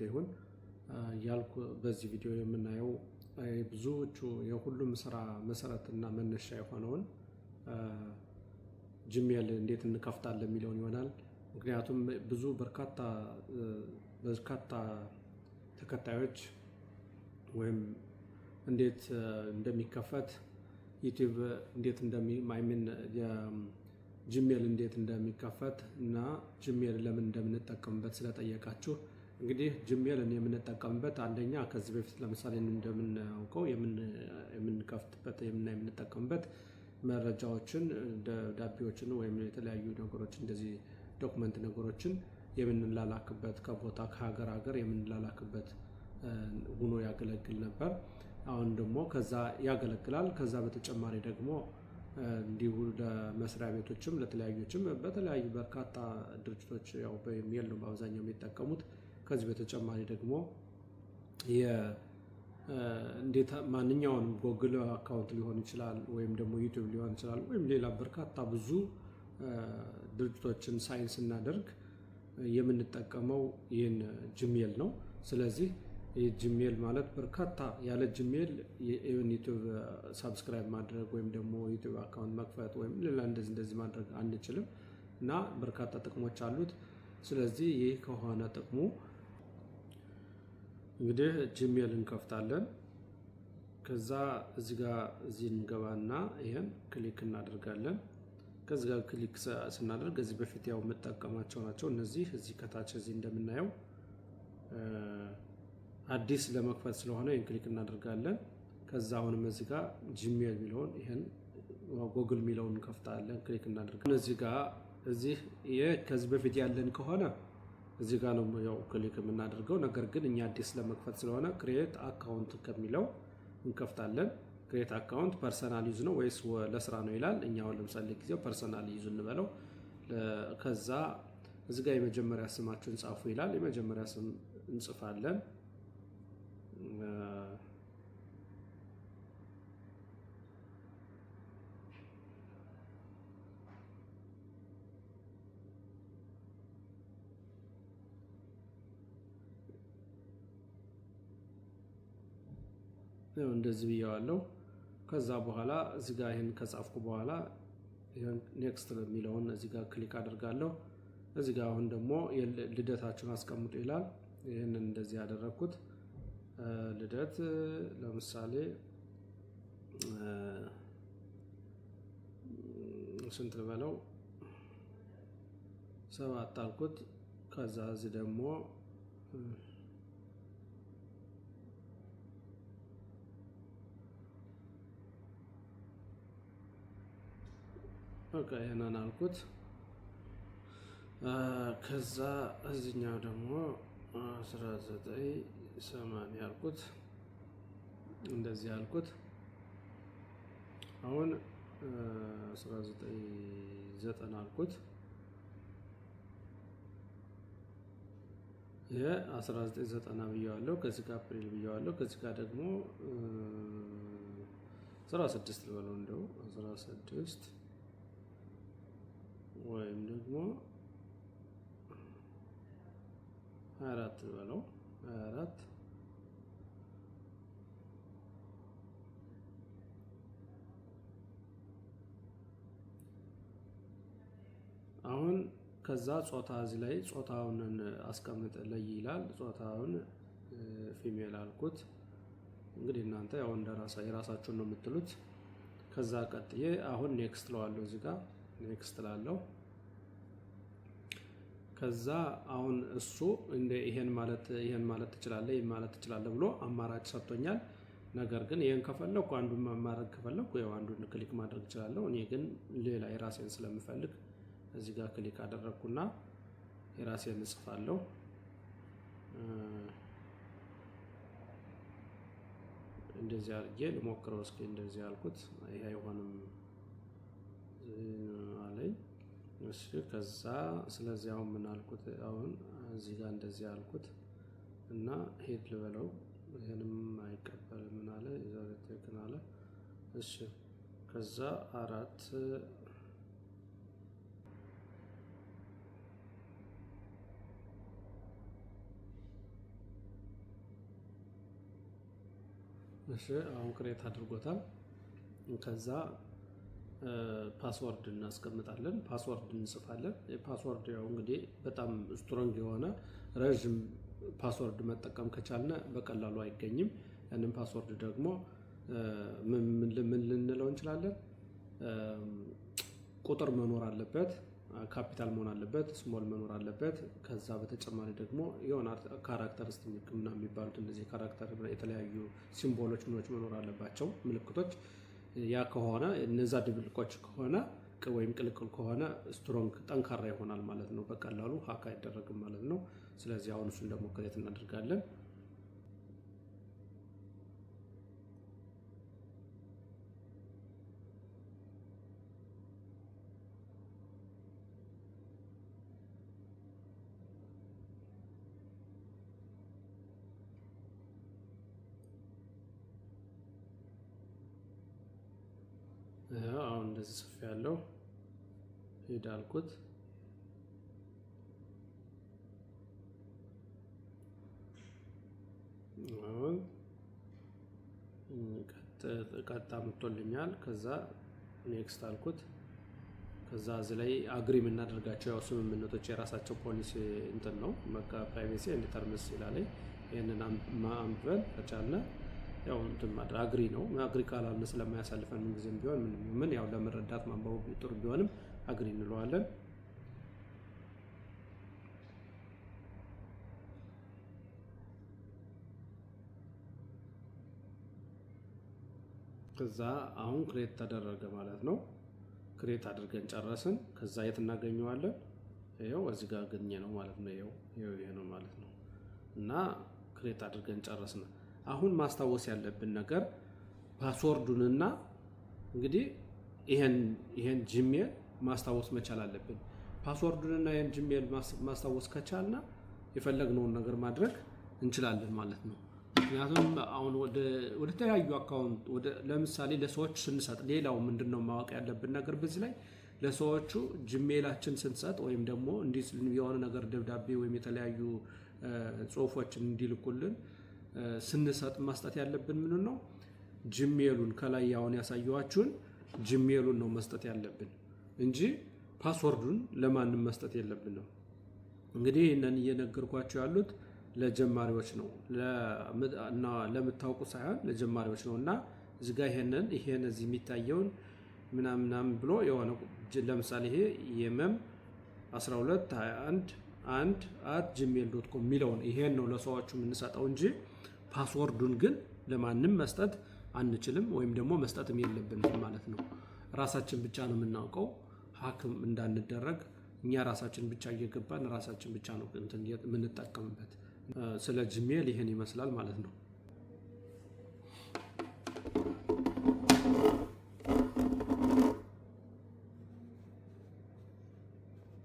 ለእናንተ ይሁን እያልኩ በዚህ ቪዲዮ የምናየው ብዙዎቹ የሁሉም ስራ መሰረትና መነሻ የሆነውን ጂሜል እንዴት እንከፍታለን የሚለውን ይሆናል። ምክንያቱም ብዙ በርካታ በርካታ ተከታዮች ወይም እንዴት እንደሚከፈት ዩቲዩብ እንዴት እንደሚማይምን ጂሜል እንዴት እንደሚከፈት እና ጂሜል ለምን እንደምንጠቀምበት ስለጠየቃችሁ እንግዲህ ጂሜልን የምንጠቀምበት አንደኛ ከዚህ በፊት ለምሳሌ እንደምናውቀው የምንከፍትበት የምና የምንጠቀምበት መረጃዎችን ደብዳቤዎችን ወይም የተለያዩ ነገሮች እንደዚህ ዶክመንት ነገሮችን የምንላላክበት ከቦታ ከሀገር ሀገር የምንላላክበት ሆኖ ያገለግል ነበር። አሁን ደግሞ ከዛ ያገለግላል። ከዛ በተጨማሪ ደግሞ እንዲሁ ለመስሪያ ቤቶችም ለተለያዩችም በተለያዩ በርካታ ድርጅቶች ያው በኢሜል ነው በአብዛኛው የሚጠቀሙት። ከዚህ በተጨማሪ ደግሞ እንዴት ማንኛውንም ጎግል አካውንት ሊሆን ይችላል ወይም ደግሞ ዩቱብ ሊሆን ይችላል ወይም ሌላ በርካታ ብዙ ድርጅቶችን ሳይን ስናደርግ የምንጠቀመው ይህን ጂሜል ነው። ስለዚህ ይህ ጂሜል ማለት በርካታ ያለ ጂሜል ኢቨን ዩቱብ ሳብስክራይብ ማድረግ ወይም ደግሞ ዩቱብ አካውንት መክፈት ወይም ሌላ እንደዚህ እንደዚህ ማድረግ አንችልም እና በርካታ ጥቅሞች አሉት። ስለዚህ ይህ ከሆነ ጥቅሙ እንግዲህ ጂሜል እንከፍታለን። ከዛ እዚህ ጋር እዚህ እንገባና ይሄን ክሊክ እናደርጋለን። ከዚ ጋር ክሊክ ስናደርግ እዚህ በፊት ያው የምጠቀማቸው ናቸው እነዚህ እዚህ ከታች እዚህ እንደምናየው አዲስ ለመክፈት ስለሆነ ይህን ክሊክ እናደርጋለን። ከዛ አሁንም እዚ ጋ ጂሜል የሚለውን ይህን ጎግል የሚለውን እንከፍታለን፣ ክሊክ እናደርጋለን። እዚህ ጋ እዚህ ከዚህ በፊት ያለን ከሆነ እዚህ ጋር ነው ያው ክሊክ የምናደርገው። ነገር ግን እኛ አዲስ ለመክፈት ስለሆነ ክሬት አካውንት ከሚለው እንከፍታለን። ክሬት አካውንት ፐርሰናል ዩዝ ነው ወይስ ለስራ ነው ይላል። እኛ አሁን ለምሳሌ ጊዜው ፐርሰናል ዩዝ እንበለው። ከዛ እዚ ጋር የመጀመሪያ ስማችሁን ጻፉ ይላል። የመጀመሪያ ስም እንጽፋለን። እንደዚህ ብየዋለው። ከዛ በኋላ እዚ ጋ ይህን ከጻፍኩ በኋላ ኔክስት የሚለውን እዚ ጋ ክሊክ አድርጋለሁ። እዚ ጋ አሁን ደግሞ ልደታችሁን አስቀምጡ ይላል። ይህን እንደዚህ ያደረግኩት ልደት ለምሳሌ ስንት ልበለው ሰባት አልኩት። ከዛ እዚህ ደግሞ በቃ ይህንን አልኩት። ከዛ እዚኛው ደግሞ አስራ ዘጠኝ ሰማንያ አልኩት፣ እንደዚህ አልኩት። አሁን አስራ ዘጠኝ ዘጠና አልኩት። ይሄ 1990 ብየዋለሁ። ከዚህ ጋር አፕሪል ብየዋለሁ። ከዚህ ጋር ደግሞ 16 ልበለው እንደው 16 ወይም ደግሞ አራት በለው አራት አሁን ከዛ ጾታ እዚህ ላይ ጾታውን አስቀምጥ ለይ ይላል። ጾታውን ፊሜል አልኩት። እንግዲህ እናንተ ያው እንደራሳ የራሳችሁን ነው የምትሉት። ከዛ ቀጥዬ አሁን ኔክስት ለዋለሁ እዚህ ጋር ኔክስት ላለው ከዛ አሁን እሱ ይሄን ማለት ይሄን ማለት ትችላለህ ይሄን ማለት ትችላለህ ብሎ አማራጭ ሰጥቶኛል። ነገር ግን ይሄን ከፈለኩ አንዱን ማድረግ ከፈለኩ ያው አንዱን ክሊክ ማድረግ እችላለሁ። እኔ ግን ሌላ የራሴን ስለምፈልግ እዚህ ጋር ክሊክ አደረግኩና የራሴን እጽፋለሁ። እንደዚህ አድርጌ ልሞክረው እስኪ። እንደዚህ አልኩት። ይሄ አይሆንም አለኝ። እሺ ከዛ ስለዚህ አሁን ምን አልኩት? አሁን እዚህ ጋር እንደዚህ አልኩት እና ሄድ ልበለው። ይህንም አይቀበልም ምን አለ የዛሬ ትክን አለ። እሺ ከዛ አራት እሺ አሁን ቅሬታ አድርጎታል ከዛ ፓስወርድ እናስቀምጣለን። ፓስወርድ እንጽፋለን። ፓስወርድ ያው እንግዲህ በጣም ስትሮንግ የሆነ ረዥም ፓስወርድ መጠቀም ከቻልነ በቀላሉ አይገኝም። ያንን ፓስወርድ ደግሞ ምን ልንለው እንችላለን? ቁጥር መኖር አለበት፣ ካፒታል መሆን አለበት፣ ስሞል መኖር አለበት። ከዛ በተጨማሪ ደግሞ የሆነ ካራክተሪስቲክ ምና የሚባሉት እነዚህ ካራክተር የተለያዩ ሲምቦሎች ምኖች መኖር አለባቸው ምልክቶች ያ ከሆነ እነዛ ድብልቆች ከሆነ ወይም ቅልቅል ከሆነ ስትሮንግ ጠንካራ ይሆናል ማለት ነው። በቀላሉ ሀክ አይደረግም ማለት ነው። ስለዚህ አሁን እሱን ደግሞ ከሌት እናደርጋለን። አሁን እንደዚህ ጽፍ ያለው ሂድ አልኩት። አሁን ቀጣ መጥቶልኛል። ከዛ ኔክስት አልኩት። ከዛ እዚህ ላይ አግሪ የምናደርጋቸው ያው ስምምነቶች የራሳቸው ፖሊሲ እንትን ነው መቃ ፕራይቬሲ ኤንድ ይላለኝ። ይህንን አንብበን ተቻለ ያው እንትን ማድረግ አግሪ ነው። አግሪ ካላልን ስለማያሳልፈን ምን ጊዜም ቢሆን ምን ያው ለመረዳት ማንበቡ ጥሩ ቢሆንም አግሪ እንለዋለን። ከዛ አሁን ክሬት ተደረገ ማለት ነው። ክሬት አድርገን ጨረስን። ከዛ የት እናገኘዋለን? ይኸው እዚህ ጋር አገኘ ነው ማለት ነው። ይኸው ይሄ ነው ማለት ነው። እና ክሬት አድርገን ጨረስን። አሁን ማስታወስ ያለብን ነገር ፓስወርዱንና እንግዲህ ይሄን ጂሜል ማስታወስ መቻል አለብን። ፓስወርዱንና ይህን ጂሜል ማስታወስ ከቻልና የፈለግነውን ነገር ማድረግ እንችላለን ማለት ነው። ምክንያቱም አሁን ወደ ተለያዩ አካውንት ለምሳሌ ለሰዎች ስንሰጥ፣ ሌላው ምንድን ነው ማወቅ ያለብን ነገር በዚህ ላይ ለሰዎቹ ጂሜላችን ስንሰጥ ወይም ደግሞ የሆነ ነገር ደብዳቤ ወይም የተለያዩ ጽሁፎችን እንዲልኩልን ስንሰጥ መስጠት ያለብን ምን ነው? ጂሜሉን ከላይ ያውን ያሳየዋችሁን ጂሜሉን ነው መስጠት ያለብን እንጂ ፓስወርዱን ለማንም መስጠት የለብን ነው። እንግዲህ ይህንን እየነገርኳቸው ያሉት ለጀማሪዎች ነው እና ለምታውቁ ሳይሆን ለጀማሪዎች ነው እና እዚጋ ይሄንን ይሄን እዚህ የሚታየውን ምናምናም ብሎ የሆነ ለምሳሌ ይሄ የመም 12 21 አንድ አት ጂሜል ዶት ኮም የሚለውን ይሄን ነው ለሰዎቹ የምንሰጠው እንጂ ፓስወርዱን ግን ለማንም መስጠት አንችልም፣ ወይም ደግሞ መስጠትም የለብንም ማለት ነው። ራሳችን ብቻ ነው የምናውቀው። ሀክም እንዳንደረግ እኛ ራሳችን ብቻ እየገባን ራሳችን ብቻ ነው የምንጠቀምበት። ስለ ጂሜል ይህን ይመስላል ማለት ነው።